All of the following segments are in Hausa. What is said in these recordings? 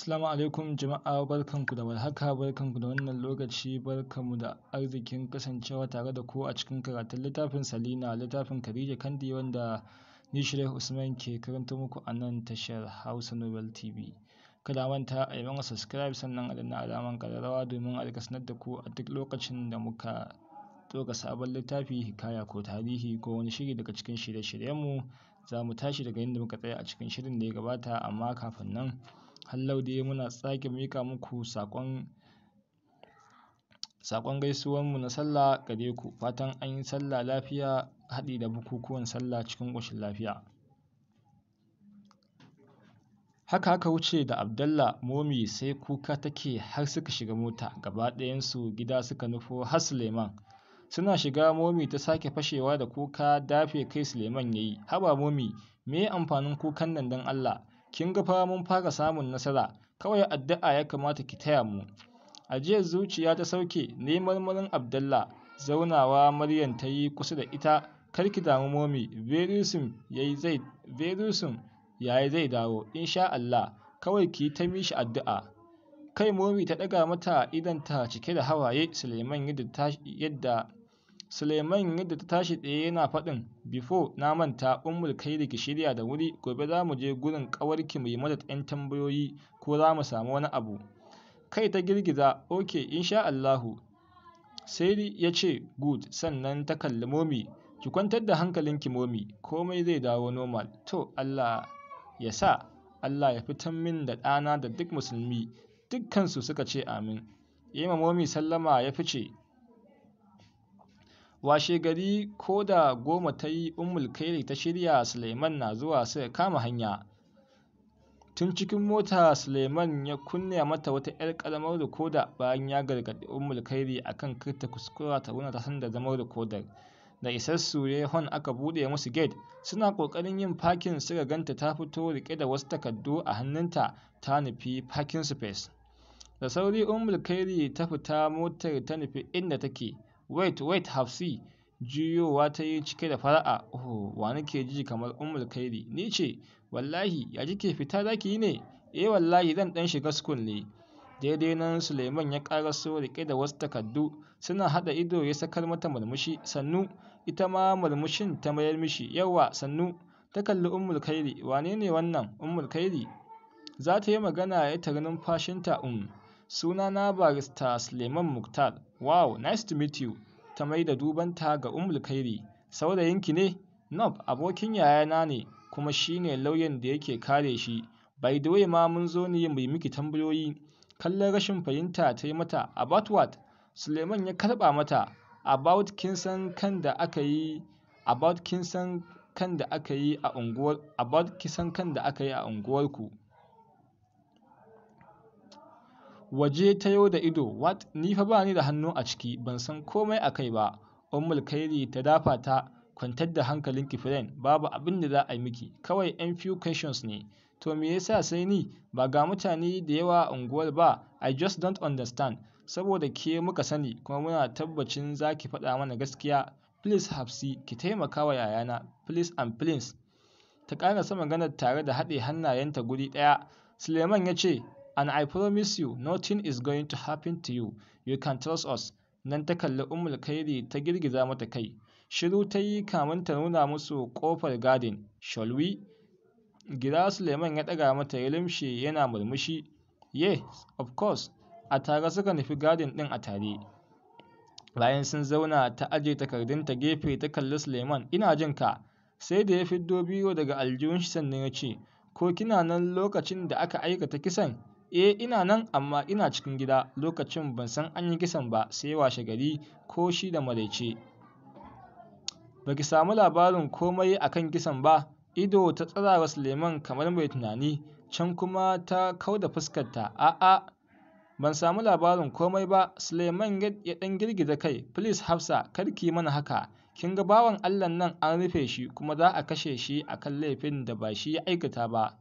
Assalamu alaikum jama'a barkanku da warhaka barkanku da wannan lokaci mu da arzikin kasancewa tare da ku a cikin karatun littafin Salina littafin Khadija Kandi wanda ni Usman ke karanta muku a nan tashar Hausa Nobel TV. Kada manta a yi mana subscribe sannan a danna alaman kararrawa domin a rika sanar da ku a duk lokacin da muka ɗora sabon littafi hikaya ko tarihi ko wani shiri daga cikin shirye-shiryenmu za mu tashi daga inda muka tsaya a cikin shirin da ya gabata amma kafin nan Hallau dai muna sake mika muku saƙon saƙon gaisuwar mu na sallah gare ku. Fatan an yi sallah lafiya haɗi da bukukuwan sallah cikin ƙoshin lafiya. Haka aka wuce da Abdallah Momi sai kuka take har suka shiga mota. Gaba ɗayansu gida suka nufo har Suleiman. Suna shiga Momi ta sake fashewa da kuka dafe kai Suleiman ya yi. Haba Momi, me amfanin kukan nan don Allah? Kin ga fa mun fara samun nasara, kawai addu'a ya kamata ki taya mu. A Ajiyar zuciya ta sauke ne marmarin abdalla zaunawa Maryam ta yi kusa da ita, kar ki damu momi, verusun yayi zai, dawo in sha dawo, insha Allah, kawai ki ta mishi addu'a. Kai momi ta ɗaga mata idonta cike da hawaye, Suleiman yadda ta, yadda Suleiman yadda ta tashi tsaye yana faɗin, Bifo, na manta Ummul da ki shirya da wuri gobe za mu je gurin ƙawarki mu yi mata 'yan tambayoyi ko za mu samu wani abu. Kai ta girgiza, Ok insha Allahu. Sai ya ce good sannan ta kalli momi, ki kwantar da hankalin ki momi komai zai dawo normal. To Allah ya sa Allah ya fitan min da ɗana da duk musulmi dukkansu suka ce amin. yi momi sallama ya fice Washegari ko da goma ta yi umul kairi ta shirya Suleiman na zuwa suka kama hanya. Tun cikin mota Suleiman ya kunna mata wata 'yar ƙaramar rikoda bayan ya gargaɗi umul kairi a kan kirta kuskura ta wuna ta sanda zaman rikodar. Da isar sure hon aka buɗe musu gate suna ƙoƙarin yin fakin suka ganta ta fito riƙe da wasu takardu a hannunta ta nufi parking space. Da sauri Umulkairi kairi ta fita motar ta nufi inda take. Wait, wait, Hafsi, juyowa ta yi cike da fara'a. Oh, wa nake ji kamar Ummul Khairi. Ni ce, wallahi, ya fita za ki yi ne? Eh wallahi zan ɗan shiga school ne. Daidai nan Suleiman ya so riƙe da wasu takardu suna haɗa ido ya sakar mata murmushi sannu ita ma murmushin ta mayar mishi yawa sannu ta kalli Ummul Khairi wane ne wannan Ummul Khairi za ta yi magana ya yi tari numfashinta um Sunana Barista Suleiman Muktar. Wow, nice to meet you. Ta mai da dubanta ga Ummul Khairi. Saurayinki ne? Nob, abokin yayana ne kuma shi ne lauyan da yake kare shi. By the way ma mun zo ne mai miki tambayoyi. Kallon rashin fahimta ta yi mata. About what? Suleiman ya karɓa mata. About kin kan da aka yi about kin kan da aka yi a unguwar about kin san kan da aka yi a unguwarku. Waje tayo da ido, wat Ni fa ba ni da hannu a ciki, ban san komai a kai ba. Ummul Kairi ta dafa ta, kwantar da hankalin ki friend, babu abin da za a yi miki, kawai 'yan few questions ne. To me yasa sai ni? Ba ga mutane da yawa a unguwar ba, I just don't understand. Saboda ke muka sani kuma muna tabbacin za ki faɗa mana gaskiya. Please Hafsi, ki taimaka wa yayana, please and please. Ta sama maganar tare da haɗe hannayenta guri ɗaya. Suleiman ya ce, And I promise you, nothing is going to happen to you. You can trust us. Nan ta kalli Ummul Khairi ta girgiza mata kai. Shiru ta yi kamin ta nuna musu kofar gadin. Shall we? Gira Suleiman ya ɗaga mata ya limshe yana murmushi. Yes, of course. A tare suka nufi gadin ɗin a tare. Bayan sun zauna ta aje ta gefe ta kalli Suleiman, ina jin ka. Sai da ya fiddo biyo daga aljihun shi sannan ya ce, ko kina nan lokacin da aka aikata kisan? Eh ina nan amma ina cikin gida lokacin ban san an yi kisan ba sai washe gari ko shi da maraice. Ba ki samu labarin komai a kan kisan ba? Ido ta tsara wa Suleiman kamar mai tunani, can kuma ta kau da fuskarta. A'a, ban samu labarin komai ba. Suleiman ya ɗan girgiza kai. Filis Hafsa, kar ki yi mana haka. Kin ga bawan allan nan an rufe shi kuma za a kashe shi akan laifin da ba shi ya aikata ba.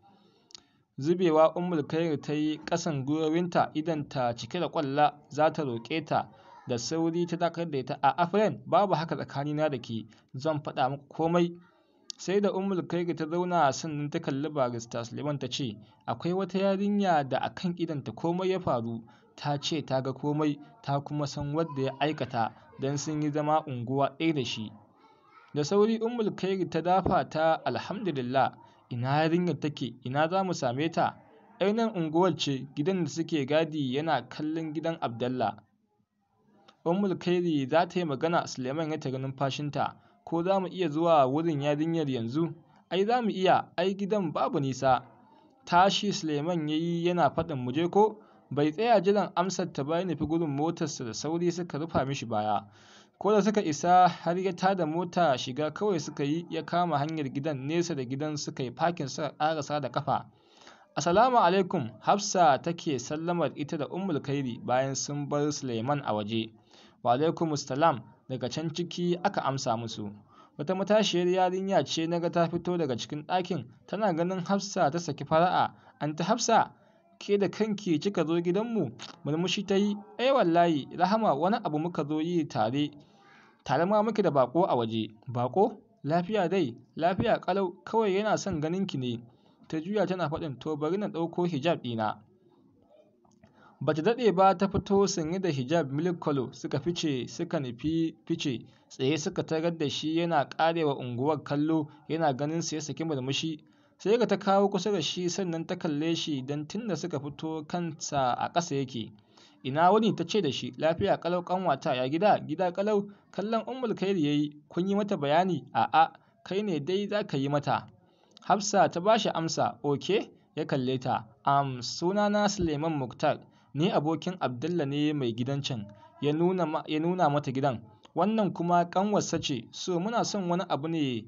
Zubewa Ummul Khairu ta yi ƙasan idan ta cike da ƙwalla, za ta roƙe ta da sauri ta dakar da ita, a friend, babu haka tsakanina da ke, zan faɗa komai. Sai da Ummul ta zauna sannan ta kalli barista Suleiman ta ce, akwai wata yarinya da a kan ta komai ya faru, ta ce ta ga komai, ta kuma san wadda ya aikata, don sun yi zama unguwa ɗaya da shi. Da sauri Ummul Khairu ta dafa ta alhamdulillah. Ina yarinyar take? Ina za mu same ta? Ai nan unguwar ce, gidan da suke gadi yana kallon gidan Abdalla. Khairi za ta yi magana Suleiman ya ga numfashinta. Ko za mu iya zuwa wurin yarinyar yanzu? Ai za mu iya, ai gidan babu nisa. Tashi Suleiman ya yi yana faɗin muje ko? Bai tsaya jiran amsar ta ba ya nufi gurin motarsa da sauri suka rufa mishi baya. Ko da suka isa har ya tada mota shiga kawai suka yi ya kama hanyar gidan nesa da gidan suka yi fakin suka karasa da kafa Assalamu alaikum Hafsa take sallamar ita da Ummul Khairi bayan sun bar Suleiman a waje. Wa alaikum salam daga can ciki aka amsa musu. Wata matashiyar yarinya ce naga ta fito daga cikin ɗakin tana ganin Hafsa ta saki fara'a. Anti Hafsa ke da kanki kika zo gidanmu murmushi ta yi ai eh wallahi Rahama wani abu muka zo yi tare tare ma muke da bako a waje. bako Lafiya dai? Lafiya kalau Kawai yana son ganin ki ne. Ta juya tana faɗin to bari na ɗauko hijab ɗina. Ba ta daɗe ba ta fito sanye da hijab milk color suka fice suka nufi fice tsaye suka tarar da shi yana ƙarewa unguwar kallo yana ganin su ya saki murmushi sai ga ta kawo kusa da shi sannan ta kalle shi don tun da suka fito kansa a ƙasa yake. Ina wuni ta ce da shi, lafiya ƙalau ƙanwata ya gida, gida kalau Kallon Ummul kai da yayi? kun yi mata bayani? A'a, kai ne dai za ka yi mata. Hafsa ta ba shi amsa, oke, ya kalle ta. Am, na Suleiman Muktar, ni abokin Abdullah ne mai gidan can, ya nuna, ya nuna mata gidan. Wannan kuma kanwarsa ce, so muna son wani abu ne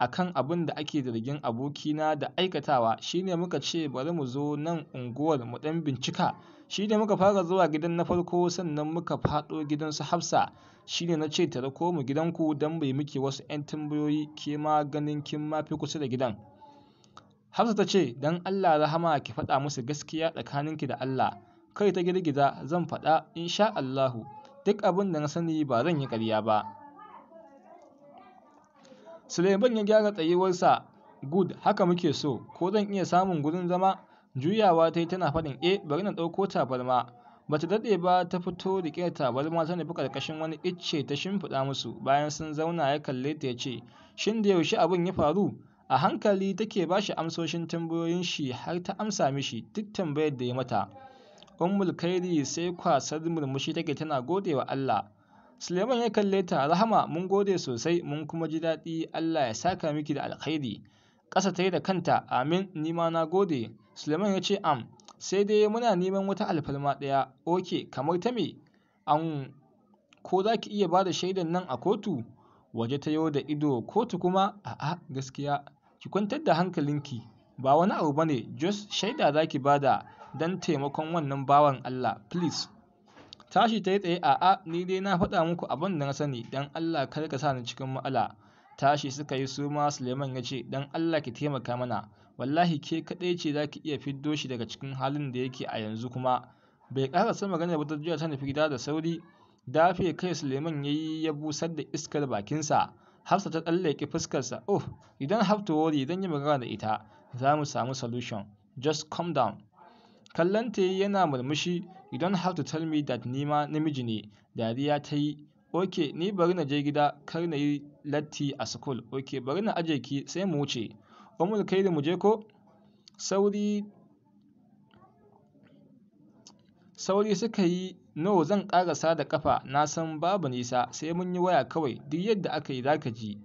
akan abin da ake zargin abokina da aikatawa, shine muka ce bari mu zo nan unguwar mu ɗan bincika. shi ne muka fara zuwa gidan na farko sannan muka faɗo gidan su hafsa shi ne na ce ta rako mu gidanku don bai muke wasu 'yan tambayoyi ke ma ganin kin ma fi kusa da gidan hafsa ta ce don allah rahama ki faɗa musu gaskiya tsakaninki da allah kai ta girgiza zan faɗa insha allahu duk abin da na sani ba zan yi ƙarya ba suleiman ya gyara tsayuwarsa, good haka muke so ko zan iya samun gurin zama juyawa ta yi tana faɗin eh bari na ɗauko tabarma ba ta daɗe ba ta fito riƙe da tabarma ta nufi ƙarƙashin wani icce ta shimfiɗa musu bayan sun zauna ya kalle ta ya ce shin da yaushe abin ya faru a hankali take ba shi amsoshin tambayoyin shi har ta amsa mishi duk tambayar da ya mata ummul kairi sai kwasar murmushi take tana gode wa Allah Suleiman ya kalle ta rahama mun gode sosai mun kuma ji daɗi Allah ya saka miki da alkhairi ƙasa ta yi da kanta amin nima na gode suleiman ya ce am sai dai muna neman wata alfalma ɗaya Ok kamar ta me an ko za ki iya ba da shaidan nan a kotu waje ta yau da ido kotu kuma a'a gaskiya ki kwantar da hankalinki ba wani abu ne. Jos, shaida za ki ba da. don taimakon wannan bawan Allah please tashi ta yi tsaye a'a ni dai na faɗa muku abin da na sani don Allah kar ka sa ni cikin ma'ala tashi suka yi suma ma Suleiman ya ce dan Allah ki taimaka mana wallahi ke kaɗai ce za ki iya fiddo shi daga cikin halin da yake a yanzu kuma bai san magana ba ta jiya ta nufi gida da sauri dafe kai Suleiman ya yi ya busar da iskar bakinsa Hafsa ta tsallake fuskarsa oh idan hafta wori idan yi magana da ita za mu samu solution just calm down kallon ta yana murmushi idan have to tell me that nima namiji ne dariya ta yi Ok, ni bari na je gida kar na yi latti a school. Ok, bari na aje ki sai mu wuce. Umar kai mu je ko? Sauri suka yi no zan ƙara da kafa na san babu nisa sai mun yi waya kawai duk yadda aka yi zaka ji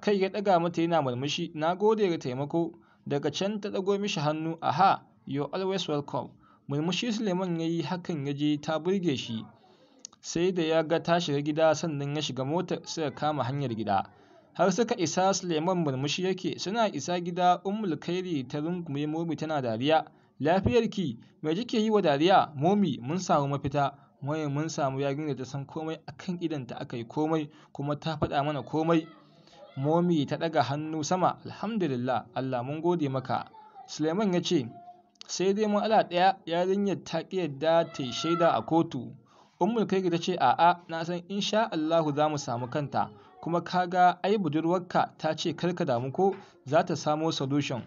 kai ya daga mata yana murmushi na gode ga taimako daga can ta ɗago mishi hannu aha you always welcome murmushi suleiman ya yi hakan ya je ta burge shi sai da ya ga ta shiga gida sannan ya shiga motar suka kama hanyar gida har suka isa Suleiman murmushi yake suna isa gida Ummul Khairi ta rungume Momi tana dariya lafiyarki me jike yi wa dariya Momi mun samu mafita Momi mun samu yarinyar da ta san komai akan idonta aka yi komai kuma ta faɗa mana komai Momi ta ɗaga hannu sama alhamdulillah Allah mun gode maka Suleiman ya ce sai dai ala ɗaya yarinyar ta ƙi yadda ta yi shaida a kotu Ummul kai ta ce a'a na san insha Allahu za mu samu kanta kuma kaga ai budurwarka ta ce kar ka damu ko za ta samo solution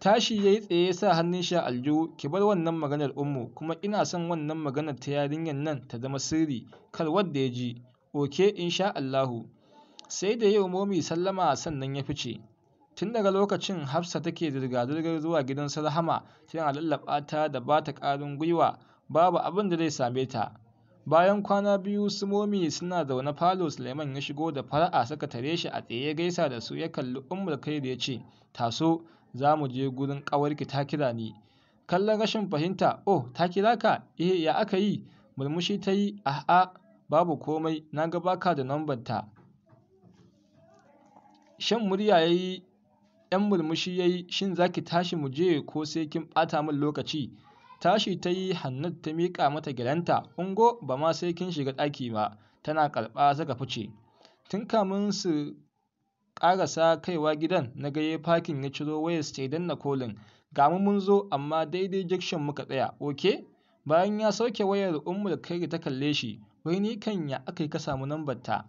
tashi yayi tsaye sa hannun shi aljo ki bar wannan maganar ummu kuma ina son wannan maganar ta yarinyar nan ta zama sirri kar wanda ya ji oke insha Allahu sai da yau momi sallama sannan ya fice tun daga lokacin hafsa take zirga-zirgar zuwa gidan sarhama tana lallaba ta da ba ta ƙarin gwiwa babu abin da zai same ta Bayan kwana biyu sumomi suna zaune falo Suleiman ya shigo da fara'a suka tare shi a tsaye ya gaisa da su ya kalli Umar kai da ya ce taso za mu je gurin ƙawarki ta kira ni kallon rashin fahimta oh ta kira ka eh ya aka yi murmushi ta yi a'a babu komai na ga baka da nambar ta shan murya ya yi 'yan murmushi ya yi shin za ki tashi mu je ko sai kin ɓata min lokaci Tashi ta yi hannun ta miƙa mata gyalenta, ungo ba ma sai kin shiga ɗaki ba, tana karɓa zaka fice. Tun kamin su ƙarasa kaiwa gidan na gaye fakin ya ciro wayar ya na kolin. Ga mu mun zo amma daidai jikshin muka tsaya, oke? Bayan ya sauke wayar Ummu kai ta kalle shi, wai kan ya aka yi ka samu lambar ta?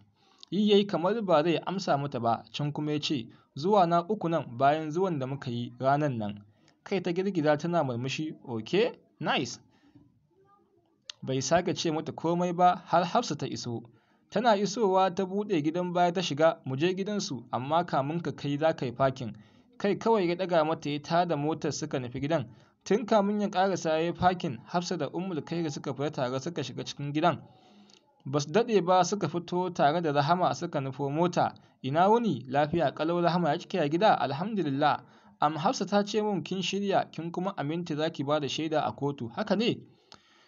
Yi yayi kamar ba zai amsa mata ba, can kuma ya ce, zuwa na uku nan bayan zuwan da muka yi ranan nan. kai ta girgiza tana murmushi ok nice bai sake ce mata komai ba har hafsa ta iso tana isowa ta buɗe gidan baya ta shiga mu je gidansu amma kamun ka kai za ka yi fakin kai kawai ya ɗaga mata ya tada motar suka nufi gidan tun kamun ya karasa ya yi fakin hafsa da kai kairi suka fita tare suka shiga cikin gidan ba su daɗe ba suka fito tare da rahama suka nufo mota ina wuni lafiya ƙalau rahama ya cike gida alhamdulillah am Hafsa ta ce mun kin shirya kin kuma aminta zaki ki ba da shaida a kotu, haka ne?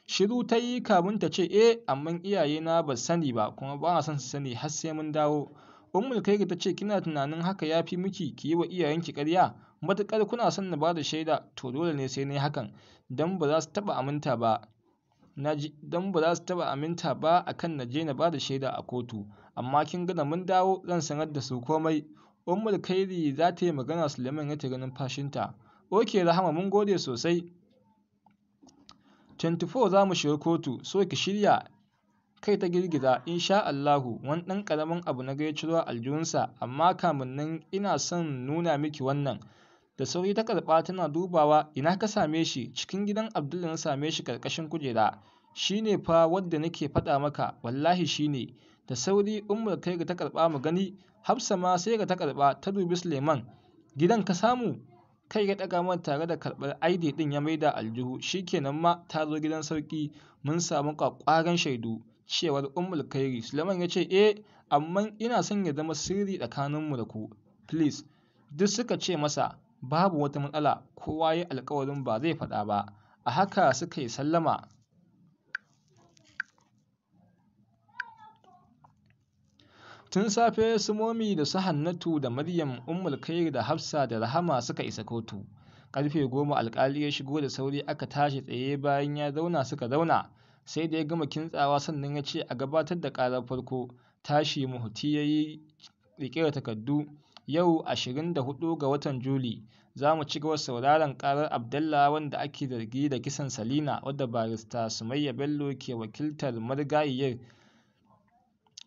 Shiru ta yi kamun ta ce, eh, amma iyayena ba sani ba, kuma ba na son su sani har sai mun dawo. Ummul kai ta ce, kina tunanin haka ya fi miki ki yi wa iyayenki ƙarya? Matuƙar kuna son na ba da shaida, to dole ne sai na yi hakan, don ba za su taɓa aminta ba. don ba za su taɓa aminta ba akan na je na ba da shaida a kotu, amma kin ga mun dawo zan sanar da su komai. Ummul Khairi za ta yi magana Suleiman ya tari numfashinta. Oke Rahama mun gode sosai. 24 za mu shiga kotu so ki shirya kai ta girgiza insha Allahu wani ɗan ƙaramin abu na gaya ciro aljihunsa amma kamun nan ina son nuna miki wannan da sauri ta karɓa tana dubawa ina ka same shi cikin gidan Abdul na same shi ƙarƙashin kujera Shi ne fa wadda nake faɗa maka wallahi shi ne. Da sauri Umar ga ta karɓa mu gani, Hafsa ma sai ga ta karɓa ta dubi Suleiman. Gidan ka samu? Kai ya ɗaga man tare da karɓar ID ɗin ya maida aljihu, shikenan ma ta zo gidan sauƙi mun samu kwakwaran shaidu. cewar Ummul Kairi. Suleiman ya ce, "Eh, amma ina son ya zama sirri tsakaninmu da ku, please." Duk suka ce masa, "Babu wata matsala, kowa ya alkawarin ba zai faɗa ba." A haka suka yi sallama. Tun safe su Momi da su Hannatu da Maryam Ummul Khair da Hafsa da Rahama suka isa kotu. Karfe goma alkali ya shigo da sauri aka tashi tsaye bayan ya zauna suka zauna sai da ya gama kintsawa sannan ya ce a gabatar da ƙarar farko tashi muhuti ya yi rike da takardu yau 24 ga watan Juli za mu ci gaba sauraron karar Abdallah wanda ake zargi da kisan Salina wadda barista Sumayya Bello ke wakiltar marigayiyar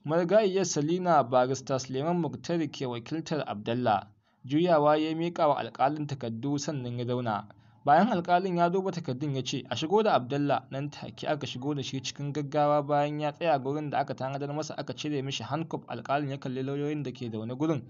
marigayiyar salina barista suleiman Muktar ke wakiltar Abdullah, juyawa ya miƙa wa alƙalin takardu sannan ya zauna bayan alƙalin ya duba takardun ya ce a shigo da Abdullah nan take aka shigo da shi cikin gaggawa bayan ya tsaya gurin da aka tanadar masa aka cire mishi hankof alƙalin ya kalli lauyoyin da ke zaune gurin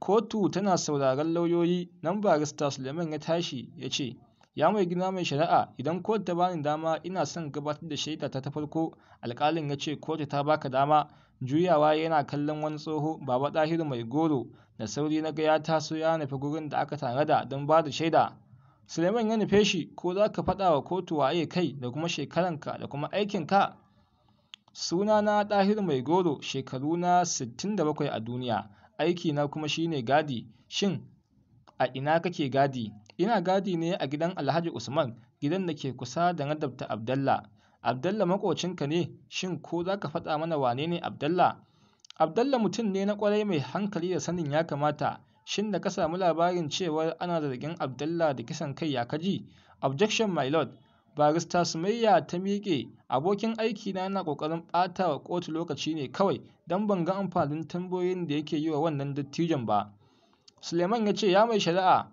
kotu tana sauraron lauyoyi nan barista suleiman ya tashi ya ce ya mai gina mai shari'a idan kotu ta bani dama ina son gabatar da shaida ta ta farko alƙalin ya ce kotu ta baka dama juyawa yana kallon wani tsoho baba ɗahiru mai goro da sauri na ga ya taso ya nufi gurin da aka tanada don ba da shaida suleiman ya nufe shi ko za ka faɗa wa kotu waye kai da kuma shekaranka da kuma aikin aikinka sunana ɗahiru mai goro shekaru na sittin da bakwai a duniya aikina kuma shine gadi shin a ina kake gadi Ina gadi ne a gidan Alhaji Usman, gidan da ke kusa da nadabta abdullah abdullah makocinka ne, shin ko za ka faɗa mana wane ne abdullah mutum ne na ƙwarai mai hankali da sanin ya kamata, shin da ka samu labarin cewa ana zargin abdullah da kisan kai ya kaji? Objection my lord, barista Sumayya ta miƙe, abokin aiki na yana ƙoƙarin ɓata wa kotu lokaci ne kawai don ban ga amfanin tambayoyin da yake yi wa wannan dattijon ba. Suleiman ya ce, ya mai shari'a,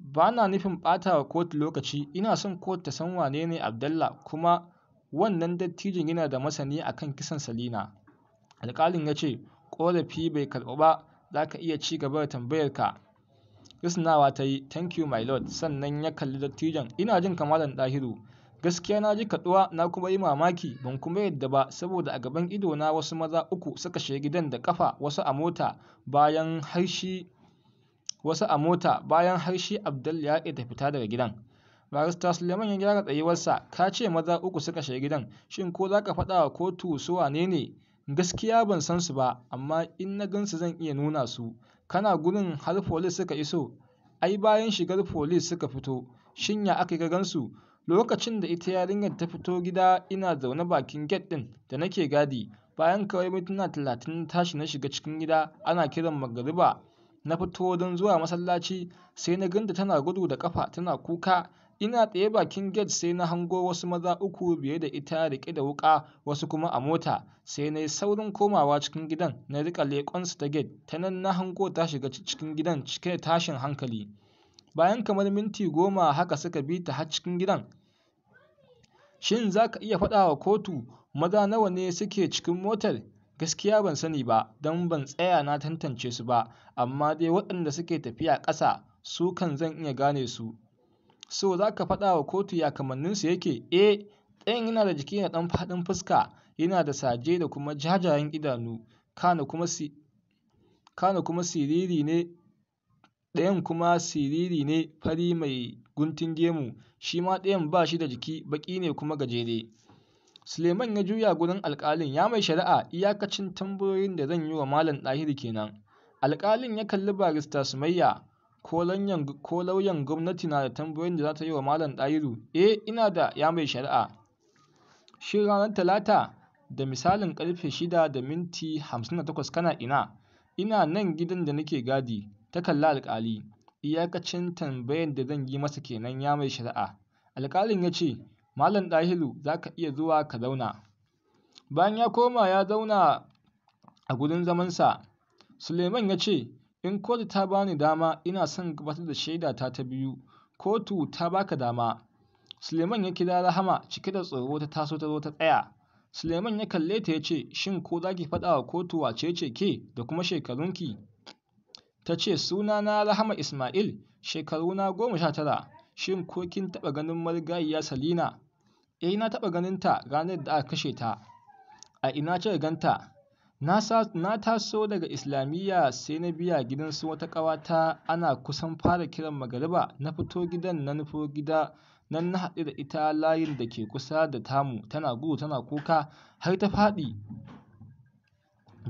Ba na nufin ɓata wa kotu lokaci, ina son kotu ta san wane ne Abdallah kuma wannan dattijon yana da masani a kan kisan Salina. Alƙalin ya ce, ƙorafi bai karɓi ba, za ka iya ci gaba da tambayar ka Risinawa ta yi, Thank you my lord, sannan ya kalli dattijon, ina jin ka Malam Ɗahiru. Gaskiya na ji kaɗuwa na kuma yi mamaki, ban kuma yadda ba saboda a gaban idona wasu maza uku suka shiga gidan da ƙafa wasu a mota bayan har wasu a mota bayan har shi Abdul ya ƙeta fita daga gidan. Barista Suleiman ya gyara tsayuwarsa, ka ce maza uku suka shiga gidan, shin ko za ka faɗa wa kotu su wane ne? Gaskiya ban san su ba, amma in na gansu zan iya nuna su. Kana gurin har folis suka iso, ai bayan shigar folis suka fito, shin ya aka ga gansu? Lokacin da ita yarinyar ta fito gida ina zaune bakin gate ɗin da nake gadi, bayan kawai mintuna talatin tashi na shiga cikin gida ana kiran magariba na fito don zuwa masallaci sai na ganta tana gudu da kafa tana kuka ina tsaye bakin gate sai na hango wasu maza uku biye da ita riƙe da wuƙa wasu kuma a mota sai na yi saurin komawa cikin gidan na riƙa leƙonsu ta gate ta nan na hango ta shiga cikin gidan cike da tashin hankali bayan kamar minti goma haka suka bi ta har cikin gidan shin za ka iya faɗawa kotu maza nawa ne suke cikin motar Gaskiya ban sani ba don ban tsaya na tantance su ba, amma dai waɗanda suke tafiya ƙasa su kan zan iya gane su. So za ka faɗa wa kotu ya kamannin su yake? Eh, ɗayan yana da jiki na ɗan faɗin fuska, yana da saje da kuma jajayen idanu, kana kuma kana kuma siriri ne, ɗayan kuma siriri ne fari mai guntun gemu, shi ma ɗayan ba shi da jiki baƙi ne kuma gajere. Suleiman ya juya gurin alƙalin ya mai shari'a iyakacin tambayoyin da zan yi wa Malam Ɗahiru kenan. Alƙalin ya kalli barista Sumayya, ko lauyan gwamnati na da tambayoyin da za ta yi wa Malam Ɗahiru? Eh ina da ya mai shari'a. Shin ranar Talata da misalin ƙarfe shida da minti hamsin da takwas kana ina? Ina nan gidan da nake gadi, ta kalli alƙali. Iyakacin tambayan da zan yi masa kenan ya mai shari'a. Alƙalin ya ce Malam Ɗahiru za ka iya zuwa ka zauna. Bayan ya koma ya zauna a gurin zamansa, Suleiman ya ce, In kotu ta ba ni dama ina son gabatar da shaida ta ta biyu, kotu ta baka dama. Suleiman ya kira Rahama cike da tsoro ta taso ta zo ta tsaya. Suleiman ya kalle ta ya ce, Shin ko za ki faɗa wa kotu wace ce ke da kuma shekarunki? Ta ce, suna na Rahama Ismail, shekaruna goma sha tara. Shin ko kin taɓa ganin marigayiya Salina? Eh na taɓa ganin ta ranar da aka kashe ta. A ina kika ganta? Na taso daga islamiyya sai na biya gidan su wata ƙawata ana kusan fara kiran magariba na fito gidan na nufo gida nan na haɗu da ita layin da ke kusa da tamu tana gudu tana kuka har ta faɗi.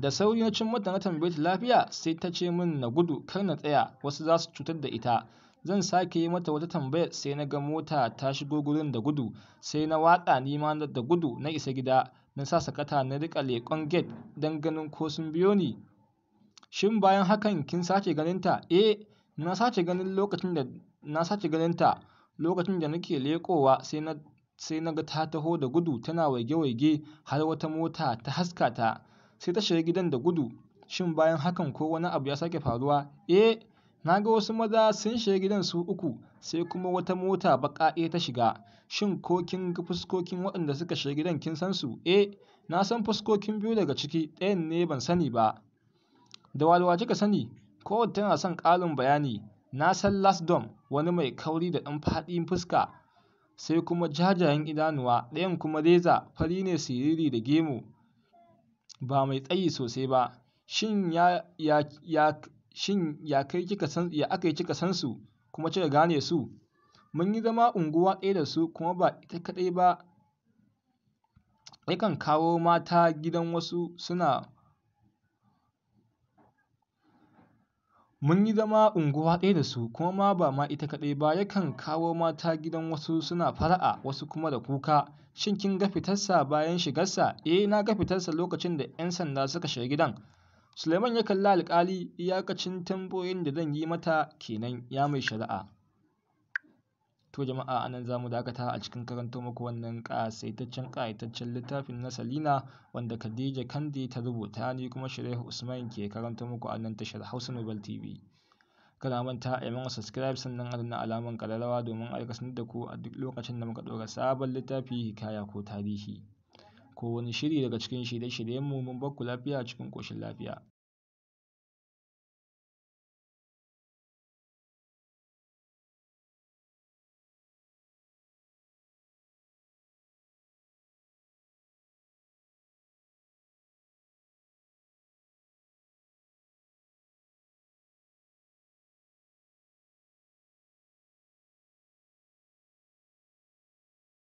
Da sauri na cin mata na tambaye lafiya sai ta ce min na gudu kar na tsaya wasu za su cutar da ita. Zan sake yi mata wata tambayar sai na ga mota ta shigo gurin da gudu. Sai na watsa nima da gudu na isa gida. Na sa sakata na riƙa leƙon gate don ganin ko sun biyo ni. Shin bayan hakan kin ganin ganinta? Eh, na sace ganin lokacin da na ganin ta Lokacin da nake leƙowa sai na, sai na ga ta taho da gudu tana waige-waige har wata mota ta haskata, Sai ta shiga gidan da gudu. Shin bayan hakan ko wani abu ya sake faruwa? Eh, Na ga wasu maza sun shiga gidan su uku, sai kuma wata mota baƙa ɗaya ta shiga. Shin ko kin ga fuskokin waɗanda suka shiga gidan kin san su? Eh, na san fuskokin biyu daga ciki, ɗayan ne ban sani ba. Da wa kika sani? Kowacce tana son ƙarin bayani. Na san Lasdom, wani mai kauri da ɗan faɗin fuska, sai kuma jajayen idanuwa, ɗayan kuma Reza, fari ne siriri da gemu, ba mai tsayi sosai ba. Shin ya, ya, ya, Shin ya kai kika san ya aka yi kika san su kuma kika gane su? Mun yi zama unguwa ɗaya da su kuma ba ita kaɗai ba. Yakan kawo mata gidan wasu suna Mun yi zama unguwa ɗaya da su kuma ba ma ita kaɗai ba yakan kawo mata gidan wasu suna fara'a wasu kuma da kuka. Shin kin ga fitarsa bayan shigarsa? Eh na ga fitarsa lokacin da 'yan sanda suka shiga gidan. Suleiman ya kalli alƙali iyakacin tamboyin da zan yi mata kenan ya mai shari'a. To jama'a anan za mu dakata a cikin karanto muku wannan ƙasaitaccen ƙayataccen littafin na Salina wanda Khadija Kande ta rubuta ni kuma Shirehu Usman ke karanto muku a nan tashar Hausa Nobel TV. Kana manta a yi mana subscribe sannan a danna alamar ƙararrawa domin aika sanar da ku a duk lokacin da muka ɗora sabon littafi hikaya ko tarihi. ko wani shiri daga cikin shirye mu Mun bakku lafiya cikin koshin lafiya.